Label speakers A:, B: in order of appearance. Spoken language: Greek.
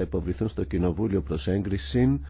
A: θα υποβληθούν στο Κοινοβούλιο προς έγκριση